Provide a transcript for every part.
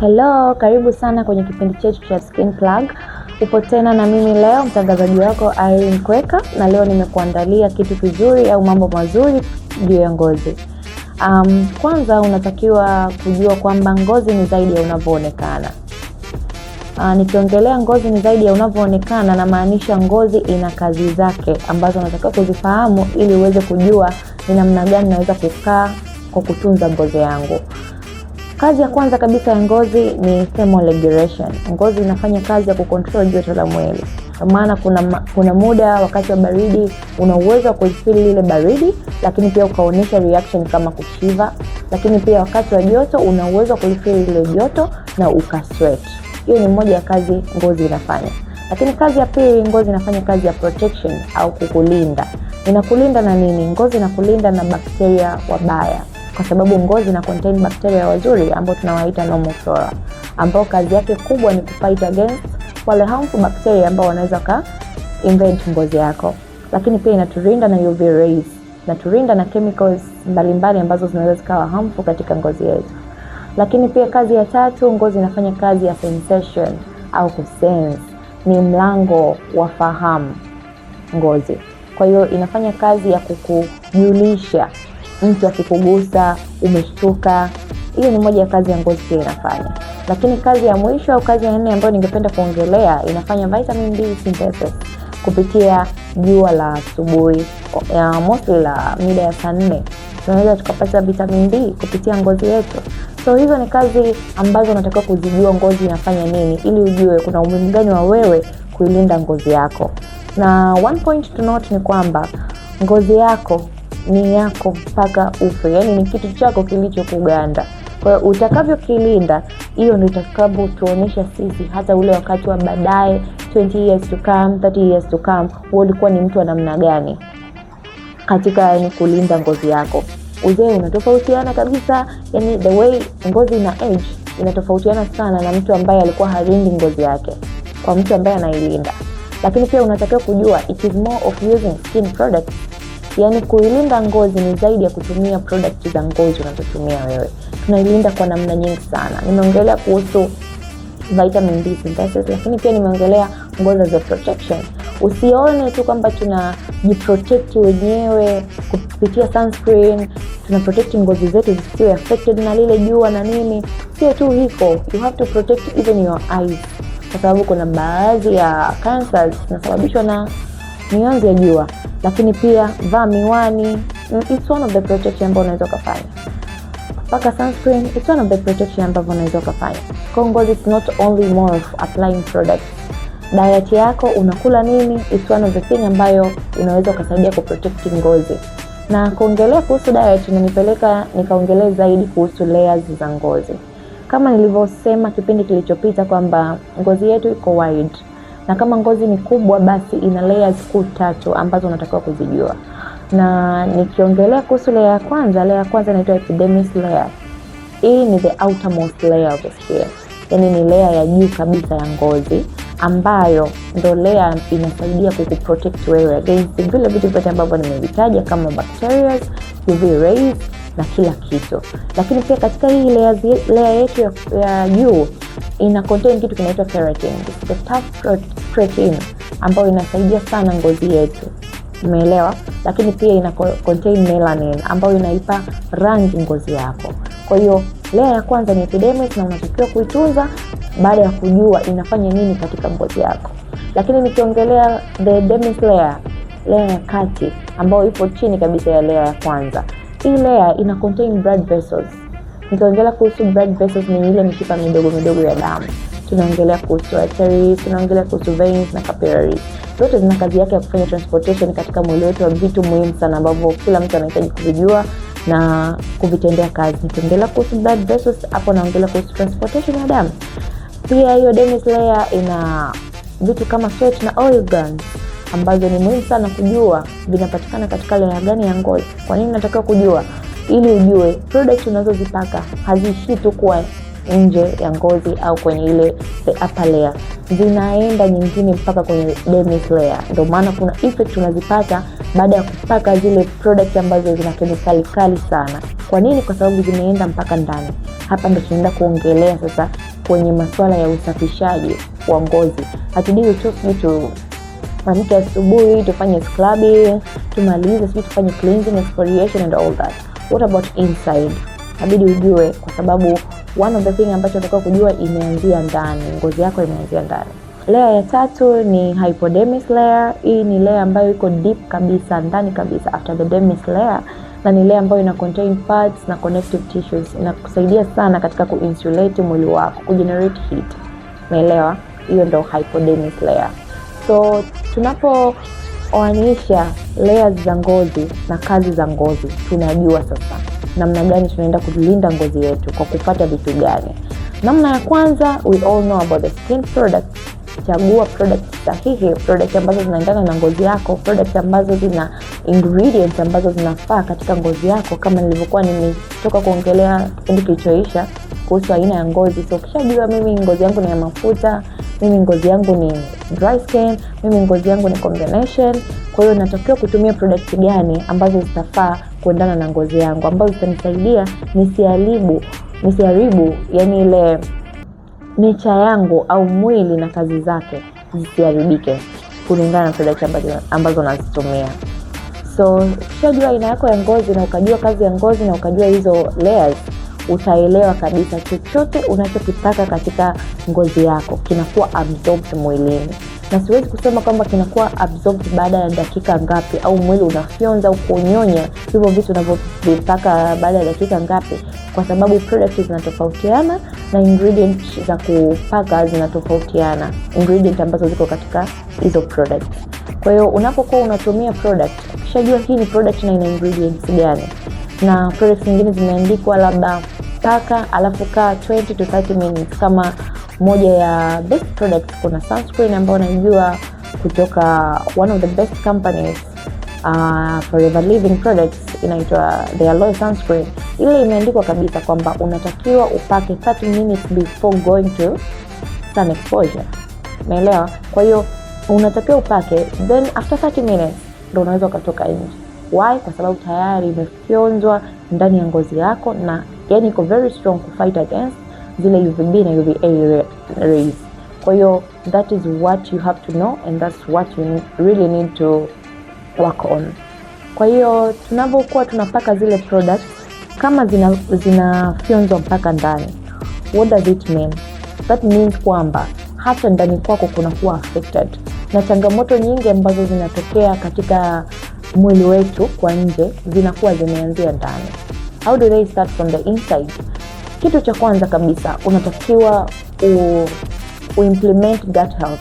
Hello, karibu sana kwenye kipindi chetu cha Skin Plug. Upo tena na mimi leo, mtangazaji wako Irene Kweka, na leo nimekuandalia kitu kizuri au mambo mazuri juu ya ngozi. Um, kwanza unatakiwa kujua kwamba ngozi ni zaidi ya unavyoonekana. Uh, nikiongelea ngozi ni zaidi ya unavyoonekana, namaanisha ngozi ina kazi zake ambazo unatakiwa kuzifahamu ili uweze kujua ni namna gani naweza kukaa kwa kutunza ngozi yangu. Kazi ya kwanza kabisa ya ngozi ni regulation Ngozi inafanya kazi ya kucontrol joto la mwili, kwa maana kuna, kuna muda wakati wa baridi una uwezo wa kuhisili lile baridi, lakini pia ukaonyesha reaction kama kushiva, lakini pia wakati wa joto una uwezo wa kuhisili lile joto na ukasweat. Hiyo ni moja ya kazi ngozi inafanya, lakini kazi ya pili, ngozi inafanya kazi ya protection au kukulinda. Inakulinda na nini? Ngozi inakulinda na bakteria wabaya kwa sababu ngozi na contain bakteria wazuri ambao tunawaita normal flora, ambao kazi yake kubwa ni kufight against wale harmful bakteria ambao wanaweza ka invade ngozi yako, lakini pia inaturinda na UV rays, turinda na chemicals mbalimbali ambazo zinaweza zikawa harmful katika ngozi yetu. Lakini pia kazi ya tatu, ngozi inafanya kazi ya sensation au kusense, ni mlango wa fahamu ngozi. Kwa hiyo inafanya kazi ya kukujulisha mtu akikugusa umeshtuka. Hiyo ni moja ya kazi ya ngozi pia inafanya, lakini kazi ya mwisho au kazi ya nne ambayo ningependa kuongelea inafanya vitamin D synthesis kupitia jua la asubuhi, mosi la mida ya saa nne tunaweza tukapata vitamin D kupitia ngozi yetu. So hizo ni kazi ambazo unatakiwa kuzijua ngozi inafanya nini, ili ujue kuna umuhimu gani wa wewe kuilinda ngozi yako. Na one point to note ni kwamba ngozi yako ni yako mpaka ufe, yaani ni kitu chako kilichokuganda. Kwa hiyo utakavyokilinda, hiyo ndio itakavyotuonyesha sisi hata ule wakati wa baadaye, 20 years to come, 30 years to come, wewe ulikuwa ni mtu wa namna gani katika yani kulinda ngozi yako. Uzee unatofautiana kabisa, yani the way ngozi ina age inatofautiana sana na mtu ambaye alikuwa halindi ngozi yake kwa mtu ambaye anailinda. Lakini pia unatakiwa kujua it is more of using skin products Yaani kuilinda ngozi ni zaidi ya kutumia product za ngozi unazotumia wewe, tunailinda kwa namna nyingi sana. Nimeongelea kuhusu vitamin D synthesis, lakini pia nimeongelea ngoza za protection. Usione tu kwamba tunajiprotect wenyewe kupitia sunscreen, tuna protect ngozi zetu zisiwe affected na lile jua na nini. Sio tu hiko, you have to protect even your eyes, kwa sababu kuna baadhi ya cancers zinasababishwa na mionzi ya jua lakini pia vaa miwani, mm, it's one of the protection ambayo unaweza ukafanya. Paka sunscreen, it's one of the protection ambavyo unaweza ukafanya. Kwa ngozi, it's not only more of applying products. Diet yako unakula nini, it's one of the thing ambayo inaweza ukasaidia kuprotect ngozi. Na kuongelea kuhusu diet inanipeleka nikaongelea zaidi kuhusu layers za ngozi, kama nilivyosema kipindi kilichopita kwamba ngozi yetu iko wide na kama ngozi ni kubwa, basi ina layers kuu tatu ambazo unatakiwa kuzijua. Na nikiongelea kuhusu layer ya kwanza, layer ya kwanza inaitwa epidermis layer. Hii ni the outermost layer of the skin, yani ni layer ya juu kabisa ya ngozi ambayo ndo layer inasaidia kukuprotect wewe against vile vitu vyote ambavyo nimevitaja kama bacteria, UV rays na kila kitu, lakini pia katika hii lea yetu ya juu ina contain kitu kinaitwa keratin, the tough protein ambayo inasaidia sana ngozi yetu, umeelewa? Lakini pia ina contain melanin ambayo inaipa rangi ngozi yako. Kwa hiyo lea ya kwanza ni epidermis, na unatakiwa kuitunza baada ya kujua inafanya nini katika ngozi yako. Lakini nikiongelea the layer, lea ya kati ambayo ipo chini kabisa ya lea ya kwanza hii layer ina contain blood vessels. Nikaongelea kuhusu blood vessels ni ile mishipa midogo midogo ya damu. Tunaongelea kuhusu arteries, tunaongelea kuhusu veins na capillaries. Zote zina kazi yake ya kufanya transportation katika mwili wetu wa vitu muhimu sana ambavyo kila mtu anahitaji kuvijua na kuvitendea kazi. Nikiongelea kuhusu blood vessels hapo naongelea kuhusu transportation ya damu. Pia hiyo dermis layer ina vitu kama sweat na oil glands ambazo ni muhimu sana kujua vinapatikana katika lea gani ya ngozi. Kwa nini natakiwa kujua? Ili ujue product unazozipaka haziishii tu kuwa nje ya ngozi au kwenye ile the upper layer, zinaenda nyingine mpaka kwenye dermis layer. Ndio maana kuna effect unazipata baada ya kupaka zile product ambazo zina kemikali kali sana. Kwa nini? Kwa sababu zimeenda mpaka ndani. Hapa ndo tunaenda kuongelea sasa kwenye masuala ya usafishaji wa ngozi. Hatujui tu tuamke asubuhi tufanye scrubbing, tumalize sijui tufanye cleansing, exfoliation and all that. What about inside? Inabidi ujue, kwa sababu one of the thing ambacho unatakiwa kujua imeanzia ndani, ngozi yako imeanzia ndani. Layer ya tatu ni hypodermis layer. Hii ni layer ambayo iko deep kabisa ndani kabisa after the dermis layer, na ni layer ambayo ina contain pads na connective tissues. Inakusaidia sana katika kuinsulate mwili wako, kugenerate heat. Umeelewa? Hiyo ndo hypodermis layer. So tunapooanisha layers za ngozi na kazi za ngozi, tunajua sasa namna gani tunaenda kulinda ngozi yetu kwa kupata vitu gani. Namna ya kwanza, we all know about the skin product Chagua product sahihi, product ambazo zinaendana na ngozi yako, product ambazo zina ingredients ambazo zinafaa katika ngozi yako, kama nilivyokuwa nimetoka kuongelea kipindi kilichoisha kuhusu aina ya ngozi. So ukishajua mimi ngozi yangu ni ya mafuta mimi ngozi yangu ni dry skin, mimi ngozi yangu ni combination. Kwa hiyo natakiwa kutumia product gani ambazo zitafaa kuendana na ngozi yangu, ambazo zitanisaidia nisiharibu nisiharibu, yani ile mecha yangu au mwili na kazi zake zisiharibike kulingana na product ambazo, ambazo nazitumia. So ukishajua aina yako ya ngozi na ukajua kazi ya ngozi na ukajua hizo layers utaelewa kabisa chochote unachokipaka katika ngozi yako kinakuwa absorbed mwilini na siwezi kusema kwamba kinakuwa absorbed baada ya dakika ngapi au mwili unafyonza au kunyonya hivyo vitu unavyovipaka baada ya dakika ngapi kwa sababu product zinatofautiana na ingredient za kupaka zinatofautiana ingredient ambazo ziko katika hizo product kwa hiyo unapokuwa unatumia product ukishajua hii ni product na ina ingredients gani na products nyingine zimeandikwa labda paka alafu kaa 20 to 30 minutes. Kama moja ya best products, kuna sunscreen ambayo najua kutoka one of the best companies uh, Forever Living products inaitwa the Aloe sunscreen. Ile imeandikwa kabisa kwamba unatakiwa upake 30 minutes before going to sun exposure, umeelewa? Kwa hiyo unatakiwa upake then after 30 minutes ndo unaweza ukatoka nje. Why? Kwa sababu tayari imefyonzwa ndani ya ngozi yako na yani iko very strong fight against zile UVB na UVA rays. Kwa hiyo that is what you have to know and that's what you really need to work on. Kwa hiyo tunapokuwa tunapaka zile products kama zinafyonzwa zina mpaka ndani, what does it mean? That means kwamba hata ndani kwako kunakuwa affected na changamoto nyingi ambazo zinatokea katika mwili wetu kwa nje zinakuwa zimeanzia ndani. How do they start from the inside? Kitu cha kwanza kabisa unatakiwa u, u gut health.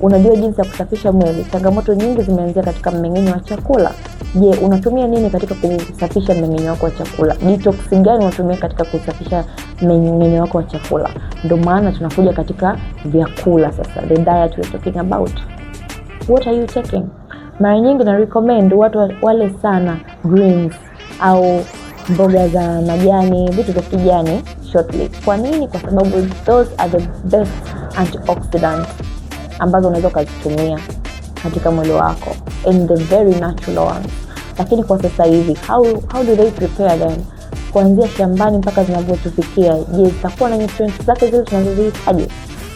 Unajua jinsi ya kusafisha mwili. Changamoto nyingi zimeanzia katika mmeng'enyo wa chakula. Je, unatumia nini katika kusafisha mmeng'enyo wako wa chakula? Detox gani unatumia katika kusafisha mmeng'enyo wako wa chakula? ndo maana tunakuja katika vyakula sasa, the diet talking about. What are you taking? Mara nyingi na recommend watu wale sana greens au mboga za majani, vitu vya kijani shortly. Kwa nini? Kwa sababu those are the best antioxidant ambazo unaweza ukazitumia katika mwili wako in the very natural ones. Lakini kwa sasa hivi how, how do they prepare them kuanzia shambani mpaka zinavyotufikia? Je, zitakuwa na nutrients zake zile tunazozihitaji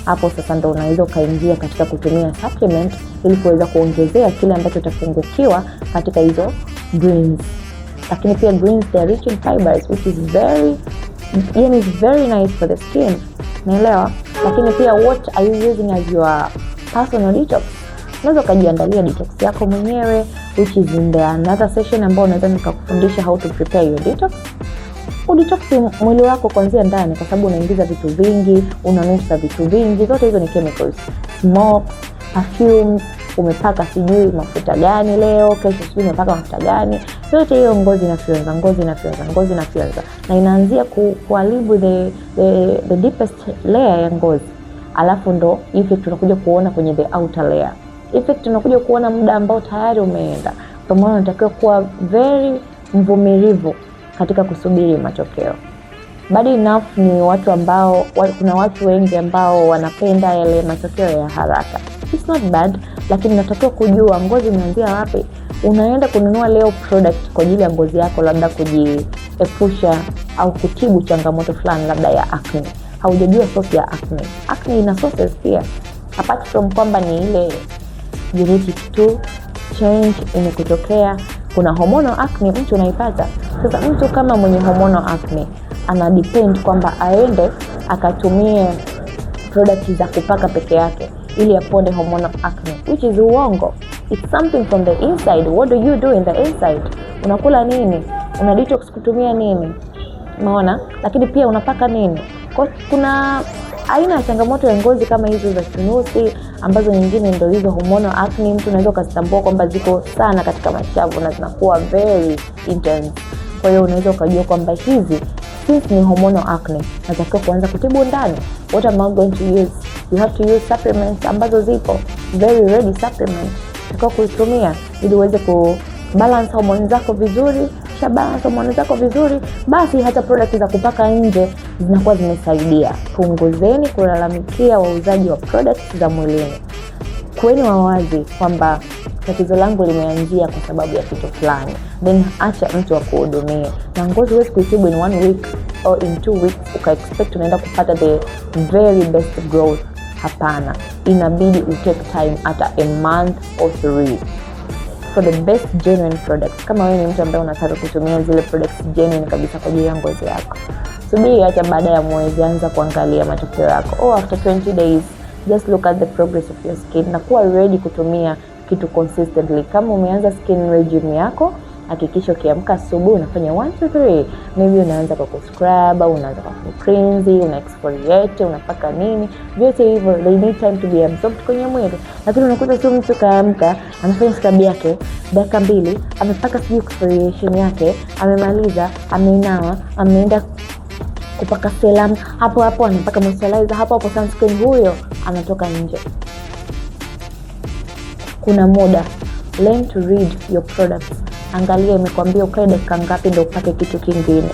hapo sasa ndo unaweza ukaingia katika kutumia supplement ili kuweza kuongezea kile ambacho utapungukiwa katika hizo greens lakini pia greens they are rich in fibers which is very yani is very nice for the skin naelewa lakini pia what are you using as your personal detox unaweza ukajiandalia detox yako mwenyewe which is in the another session ambao unaweza nikakufundisha how to prepare your detox udetoksi mwili wako kuanzia ndani, kwa sababu unaingiza vitu vingi, unanusa vitu vingi, zote hizo ni chemicals, smoke perfumes umepaka sijui mafuta gani leo, kesho sijui umepaka mafuta gani. Yote hiyo ngozi inafyonza, ngozi inafyonza, ngozi inafyonza na inaanzia kuharibu the, the, the deepest layer ya ngozi, alafu ndo effect unakuja kuona kwenye the outer layer. Effect unakuja kuona muda ambao tayari umeenda. Kwa maana unatakiwa kuwa very mvumilivu katika kusubiri matokeo. Bad enough ni watu ambao kuna watu wengi ambao wanapenda yale matokeo ya haraka. It's not bad, lakini natakiwa kujua ngozi umeanzia wapi. Unaenda kununua leo product kwa ajili ya ngozi yako, labda kujiepusha au kutibu changamoto fulani, labda ya acne. Haujajua source ya acne. Acne ina sources pia, apart from kwamba ni ile genetic tu change imekutokea kuna homono acne mtu unaipata. Sasa mtu kama mwenye homono acne ana depend kwamba aende akatumie product za kupaka peke yake ili aponde homono acne, which is uongo. It's something from the inside. What do you do in the inside? Unakula nini? Una detox kutumia nini? Unaona, lakini pia unapaka nini? Kwa kuna aina ya changamoto ya ngozi kama hizo za kinusi ambazo nyingine ndo hizo hormonal acne, mtu unaweza ukazitambua kwamba ziko sana katika mashavu na zinakuwa very intense. Kwa hiyo unaweza ukajua kwamba hizi since ni hormonal acne, natakiwa kuanza kutibu ndani. What am I going to use? You have to use supplements ambazo zipo very ready supplement, takiwa kuitumia ili uweze ku balance homoni zako vizuri shabaha mwana zako vizuri, basi hata product za kupaka nje zinakuwa zimesaidia. Punguzeni kulalamikia wauzaji wa product za mwilini. Kuweni wawazi kwamba tatizo langu limeanzia kwa sababu ya kitu fulani, then acha mtu kuhudumia. Na ngozi huwezi kuitibu in one week or in two weeks ukaexpect unaenda kupata the very best growth. Hapana, inabidi utake time hata a month or three for the best genuine products. Kama wewe ni mtu ambaye unataka kutumia zile products genuine kabisa kwa ajili ya ngozi yako, subiri hata baada ya mwezi, anza kuangalia matokeo yako. oh, after 20 days just look at the progress of your skin na kuwa ready kutumia kitu consistently. Kama umeanza skin regime yako hakikisha ukiamka asubuhi unafanya 1 2 3 maybe unaanza kwa kuscrub au unaanza kwa kuprinzi una exfoliate unapaka nini vyote hivyo they need time to be absorbed kwenye mwili lakini unakuta sio mtu kaamka amefanya scrub yake dakika mbili amepaka sijui exfoliation yake amemaliza ameinawa ameenda kupaka selam hapo hapo anapaka moisturizer hapo hapo sunscreen huyo anatoka nje kuna muda learn to read your products angalia imekwambia ukae dakika ngapi ndo upate kitu kingine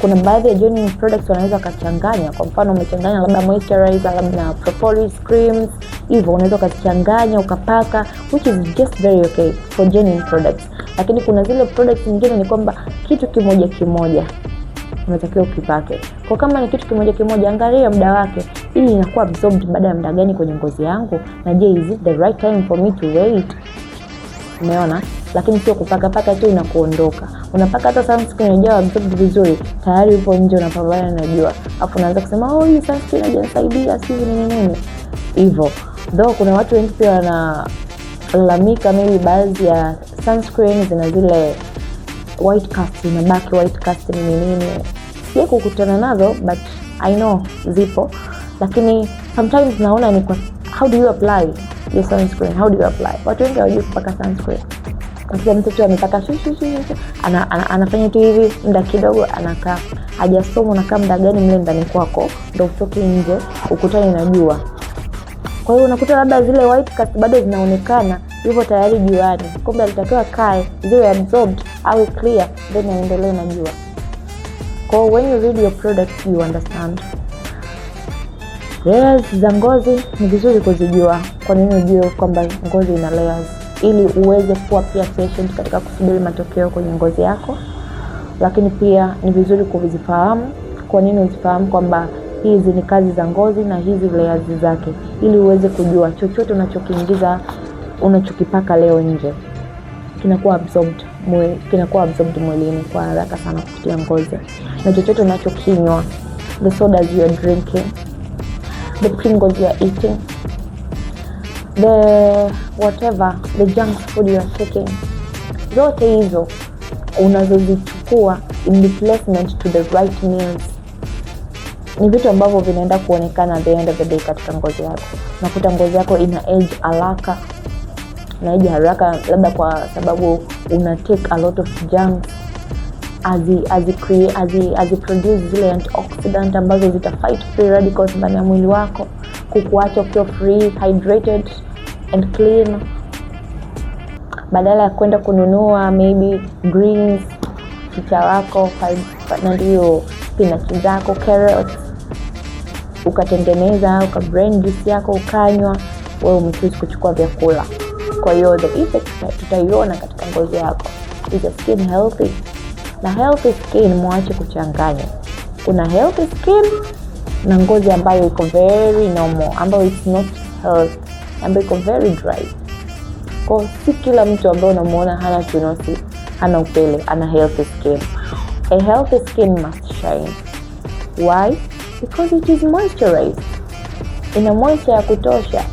kuna baadhi ya joining products wanaweza wakachanganya kwa mfano umechanganya labda moisturizer labda na propolis creams hivyo unaweza ukazichanganya ukapaka which is just very okay for joining products lakini kuna zile products nyingine ni kwamba kitu kimoja kimoja unatakiwa ukipake kwa kama ni kitu kimoja kimoja angalia muda wake ili inakuwa absorbed baada ya muda gani kwenye ngozi yangu na je is it the right time for me to wait umeona lakini sio kupaka paka tu na kuondoka. Unapaka hata sunscreen haijawa absorbed vizuri, tayari upo nje unapambana na jua, afu unaanza kusema oh, hii sunscreen haijanisaidia sijui nini nini hivyo. Though kuna watu wengi pia wanalalamika, maybe baadhi ya sunscreen zina zile white cast, inabaki white cast ni nini, sija kukutana nazo but I know zipo, lakini sometimes naona ni kwa how do you apply your sunscreen, how do you apply. Watu wengi hawajui kupaka sunscreen. Unakuta mtoto amepaka susu ana, ana, anafanya tu hivi mda kidogo anakaa, hajasoma. Unakaa mda gani mle ndani kwako, ndo utoke nje ukutane na jua. Kwa hiyo unakuta labda zile white cast bado zinaonekana hivyo tayari juani, kumbe alitakiwa kae ziwe absorbed au clear then aendelee na jua. kwao when you read your product you understand layers za ngozi ni vizuri kuzijua. Kwa nini ujue kwamba ngozi ina layers? ili uweze kuwa pia patient katika kusubiri matokeo kwenye ngozi yako. Lakini pia ni vizuri kuzifahamu. Kwa nini uzifahamu kwamba hizi ni kazi za ngozi na hizi layers zake, ili uweze kujua chochote unachokiingiza unachokipaka leo nje kinakuwa absorbed mwe, kinakuwa absorbed mwilini kwa haraka sana kupitia ngozi, na chochote unachokinywa, the sodas you are drinking, the pringles you are eating the whatever the junk food you are taking, zote hizo unazozichukua in replacement to the right meals ni vitu ambavyo vinaenda kuonekana the end of the day katika ngozi yako. Unakuta ngozi yako ina age haraka na age haraka, labda kwa sababu una take a lot of junk aziproduce zile antioxidant ambazo zitafight free radicals ndani ya mwili wako, kukuacha ukiwa free hydrated and clean badala ya kwenda kununua maybe greens chicha wako nandio spinachi zako carrot ukatengeneza ukabrand juice yako ukanywa wewe umechuzi kuchukua vyakula kwa hiyo the effect tutaiona katika ngozi yako is a skin healthy na healthy skin mwache kuchanganya kuna healthy skin na ngozi ambayo iko very normal ambayo it's not healthy ambayo iko very dry. Kwa si kila mtu ambaye unamuona hana chunusi, hana upele, ana healthy skin. A healthy skin must shine. Why? Because it is moisturized. Ina moisture ya kutosha.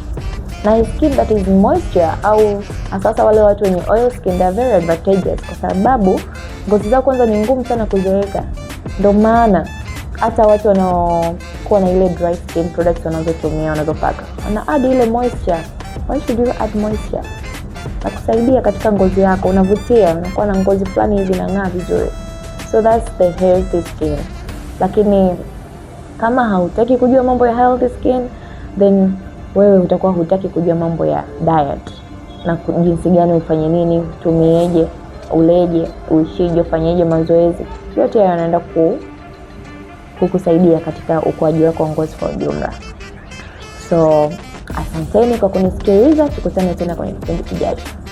Na skin that is moisture au sasa wale watu wenye oil skin they are very advantageous kwa sababu ngozi zao kwanza ni ngumu sana kuzoeka ndo maana hata watu wanaokuwa na ile dry skin products wanazotumia wanazopaka na add ile moisture. Why should you add moisture? Na kusaidia katika ngozi yako, unavutia, unakuwa na ngozi fulani hivi inang'aa vizuri. So that's the healthy skin. Lakini kama hautaki kujua mambo ya healthy skin, then wewe utakuwa hutaki kujua mambo ya diet na jinsi gani ufanye nini, tumieje uleje, uishije, ufanyeje mazoezi. Yote hayo yanaenda ku kukusaidia katika ukuaji wako wa ngozi kwa ujumla. So asanteni kwa kunisikiliza, tukutane tena kwenye kipindi kijacho.